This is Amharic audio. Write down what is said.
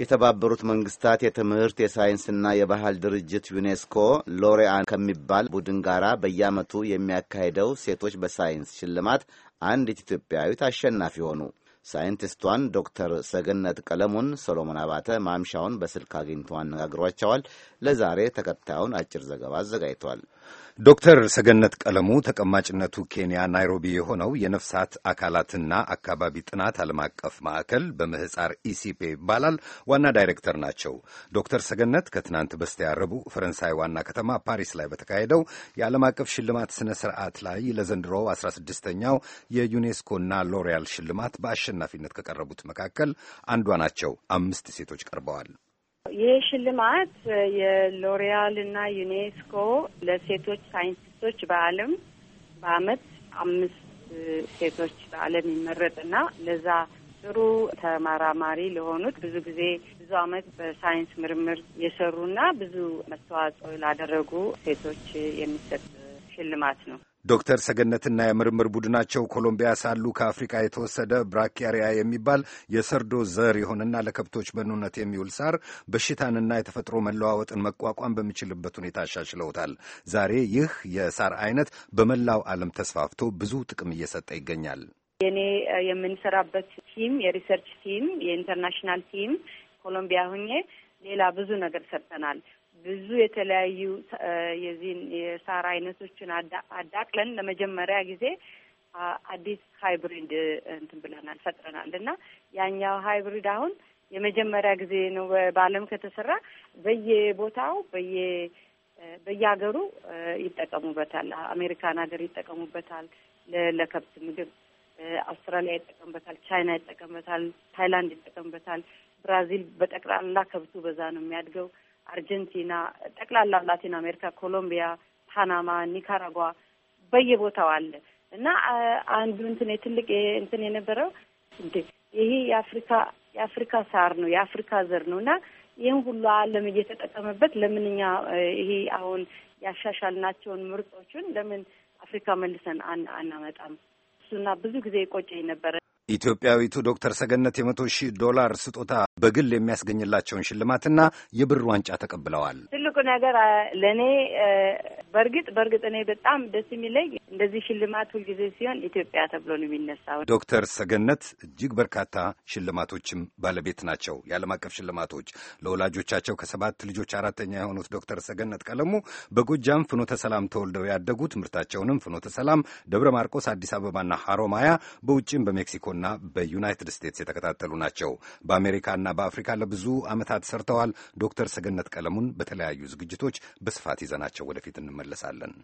የተባበሩት መንግስታት የትምህርት የሳይንስና የባህል ድርጅት ዩኔስኮ ሎሪያን ከሚባል ቡድን ጋር በየዓመቱ የሚያካሄደው ሴቶች በሳይንስ ሽልማት አንዲት ኢትዮጵያዊት አሸናፊ ሆኑ። ሳይንቲስቷን ዶክተር ሰገነት ቀለሙን ሶሎሞን አባተ ማምሻውን በስልክ አግኝቶ አነጋግሯቸዋል። ለዛሬ ተከታዩን አጭር ዘገባ አዘጋጅቷል። ዶክተር ሰገነት ቀለሙ ተቀማጭነቱ ኬንያ ናይሮቢ የሆነው የነፍሳት አካላትና አካባቢ ጥናት ዓለም አቀፍ ማዕከል በምህፃር ኢሲፔ ይባላል ዋና ዳይሬክተር ናቸው። ዶክተር ሰገነት ከትናንት በስቲያ ረቡዕ ፈረንሳይ ዋና ከተማ ፓሪስ ላይ በተካሄደው የዓለም አቀፍ ሽልማት ስነ ስርዓት ላይ ለዘንድሮ 16ኛው የዩኔስኮና ሎሪያል ሽልማት በአሸናፊነት ከቀረቡት መካከል አንዷ ናቸው። አምስት ሴቶች ቀርበዋል። ይህ ሽልማት የሎሪያል እና ዩኔስኮ ለሴቶች ሳይንቲስቶች በዓለም በአመት አምስት ሴቶች በዓለም ይመረጥና ለዛ ጥሩ ተመራማሪ ለሆኑት ብዙ ጊዜ ብዙ አመት በሳይንስ ምርምር የሰሩና ብዙ መስተዋጽኦ ላደረጉ ሴቶች የሚሰጥ ሽልማት ነው። ዶክተር ሰገነትና የምርምር ቡድናቸው ኮሎምቢያ ሳሉ ከአፍሪካ የተወሰደ ብራኪያሪያ የሚባል የሰርዶ ዘር የሆነና ለከብቶች በኑነት የሚውል ሳር በሽታንና የተፈጥሮ መለዋወጥን መቋቋም በሚችልበት ሁኔታ አሻሽለውታል። ዛሬ ይህ የሳር አይነት በመላው ዓለም ተስፋፍቶ ብዙ ጥቅም እየሰጠ ይገኛል። የኔ የምንሰራበት ቲም የሪሰርች ቲም የኢንተርናሽናል ቲም ኮሎምቢያ ሁኜ ሌላ ብዙ ነገር ሰርተናል። ብዙ የተለያዩ የዚህን የሳር አይነቶችን አዳቅለን ለመጀመሪያ ጊዜ አዲስ ሃይብሪድ እንትን ብለናል ፈጥረናል እና ያኛው ሃይብሪድ አሁን የመጀመሪያ ጊዜ ነው በዓለም ከተሰራ በየቦታው በየ በየሀገሩ ይጠቀሙበታል። አሜሪካን ሀገር ይጠቀሙበታል ለከብት ምግብ፣ አውስትራሊያ ይጠቀምበታል፣ ቻይና ይጠቀምበታል፣ ታይላንድ ይጠቀምበታል፣ ብራዚል በጠቅላላ ከብቱ በዛ ነው የሚያድገው። አርጀንቲና፣ ጠቅላላ ላቲን አሜሪካ፣ ኮሎምቢያ፣ ፓናማ፣ ኒካራጓ በየቦታው አለ እና አንዱ እንትን ትልቅ እንትን የነበረው እንዴ ይሄ የአፍሪካ የአፍሪካ ሳር ነው የአፍሪካ ዘር ነው እና ይህም ሁሉ ዓለም እየተጠቀመበት ለምን እኛ ይሄ አሁን ያሻሻልናቸውን ምርጦችን ለምን አፍሪካ መልሰን አናመጣም? እሱና ብዙ ጊዜ ቆጨኝ ነበረ። ኢትዮጵያዊቱ ዶክተር ሰገነት የመቶ ሺህ ዶላር ስጦታ በግል የሚያስገኝላቸውን ሽልማትና የብር ዋንጫ ተቀብለዋል። ትልቁ ነገር ለእኔ በእርግጥ በእርግጥ እኔ በጣም ደስ የሚለኝ እንደዚህ ሽልማት ሁልጊዜ ሲሆን ኢትዮጵያ ተብሎ ነው የሚነሳው። ዶክተር ሰገነት እጅግ በርካታ ሽልማቶችም ባለቤት ናቸው። የዓለም አቀፍ ሽልማቶች ለወላጆቻቸው ከሰባት ልጆች አራተኛ የሆኑት ዶክተር ሰገነት ቀለሙ በጎጃም ፍኖተ ሰላም ተወልደው ያደጉ ትምህርታቸውንም ፍኖተ ሰላም፣ ደብረ ማርቆስ፣ አዲስ አበባና ሐሮማያ በውጭም በሜክሲኮና በዩናይትድ ስቴትስ የተከታተሉ ናቸው። በአሜሪካና በአፍሪካ ለብዙ ዓመታት ሰርተዋል። ዶክተር ሰገነት ቀለሙን በተለያዩ ዝግጅቶች በስፋት ይዘናቸው ወደፊት እንመለሳለን።